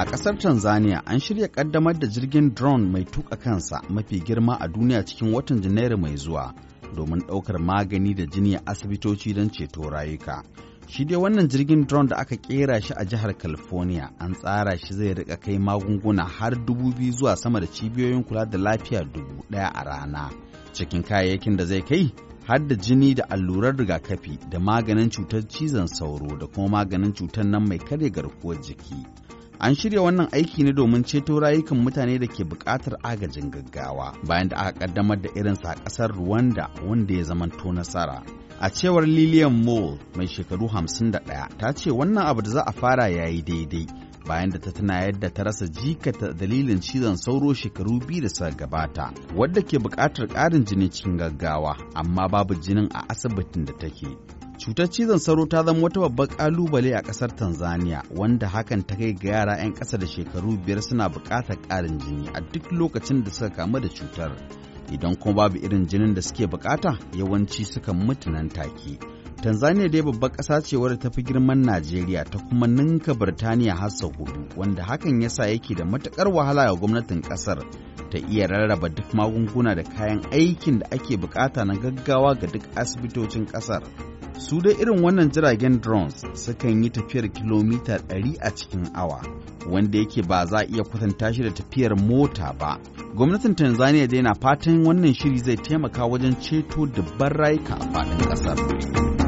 A ƙasar Tanzania an shirya ƙaddamar da jirgin drone mai tuka kansa mafi girma a duniya cikin watan Janairu mai zuwa domin ɗaukar magani da jini a asibitoci don ceto rayuka. Shi dai wannan jirgin drone da aka ƙera shi a jihar California an tsara shi zai rika kai magunguna har dubu biyu zuwa sama da cibiyoyin kula da lafiya dubu ɗaya a rana. Cikin kayayyakin da zai kai har da jini da allurar rigakafi da maganin cutar cizon sauro da kuma maganin cutar nan mai karya garkuwar jiki. An shirya wannan aiki ne domin ceto rayukan mutane da ke buƙatar agajin gaggawa bayan da aka ƙaddamar da irinsa a ƙasar Rwanda wanda ya zamanto nasara. A cewar Lillian Mole mai shekaru 51 ta ce wannan abu da za a fara yayi daidai bayan da ta tana yadda ta rasa jikata dalilin cizon sauro shekaru biyu da suka gabata wadda ke buƙatar ƙarin jini cikin gaggawa amma babu jinin a asibitin da take. Cutar cizon sauro ta zama wata babbar ƙalubale a ƙasar Tanzania wanda hakan ta kai ga yara 'yan ƙasa da shekaru biyar suna buƙatar ƙarin jini a duk lokacin da suka kamu da cutar. Idan kuma babu irin jinin da suke buƙata yawanci suka mutu nan take. Tanzania dai babbar ƙasa ce wadda ta fi girman Najeriya ta kuma ninka Birtaniya har sau hudu wanda hakan ya yasa yake da matuƙar wahala ga gwamnatin ƙasar ta iya rarraba duk magunguna da kayan aikin da ake buƙata na gaggawa ga duk asibitocin ƙasar. su dai irin wannan jiragen drones sukan yi tafiyar kilomita 100 a cikin awa wanda yake ba za a iya kwatanta shi da tafiyar mota ba gwamnatin tanzania dai na fatan wannan shiri zai taimaka wajen ceto dubban rayuka a faɗin ƙasar